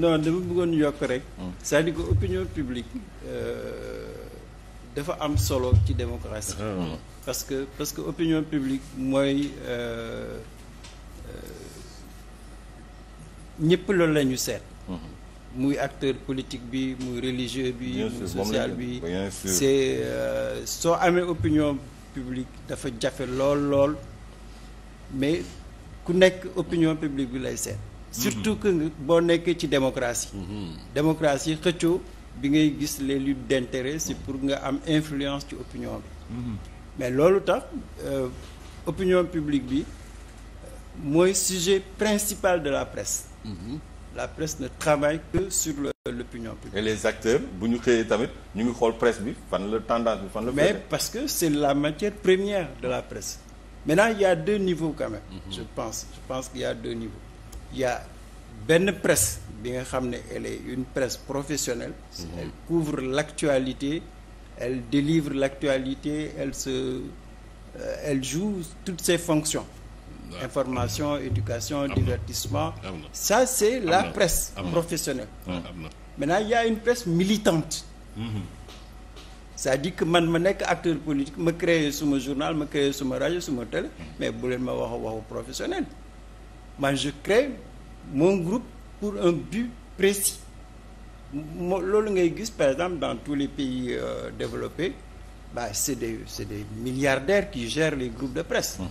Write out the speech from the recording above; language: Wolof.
non dafa bëggoon yokk rek. Hmm. c'est-à-dire que opinion publique euh, dafa am solo ci démocratie. Ah, parce que parce que opinion publique mooy euh, euh, ñëpp loolu la ñu seet. Hmm. muy acteur politique bi muy religieux bi. muy social bi c'est soo amee opinion publique dafa jafe lool lool mais ku nekk opinion publique bi lay seet. surtout que boo nekkee ci démocratie démocratie xëcco bi ngay gis les luttes d'intérêt c'est pour nga am influence ci opinion bi mais loolu tax euh, opinion publique bi euh, mooy sujet principal de la presse la presse ne travaille que sur l'opinion publique. les acteurs bu ñu xëyee tamit ñu ngi xool presse bi fan la tendance bi fan la. mais parce que c'est la matière première de la presse maintenant il y a deux niveaux quand mhm. je pense je pense qu'il y deux niveaux. y benn press bi nga xam ne elle est une presse professionnelle. Mhm. elle couvre l'actualité elle délivre l'actualité elle se euh, elle joue toutes ses fonctions. information éducation divertissement. ça c'est la presse professionnelle. maintenant il y a une presse militante. Mhm. cest dire que man ma nekk acteur politique ma créer suma journal ma créer suma rajo suma télé mhm. mais bu leen ma wax waxu professionnel. moi je crée mon groupe pour un but précis moo loolu ngay gis par exemple dans tous les pays euh, développés bah c'est des c'est des milliardaires qui gèrent les groupes de presse mmh.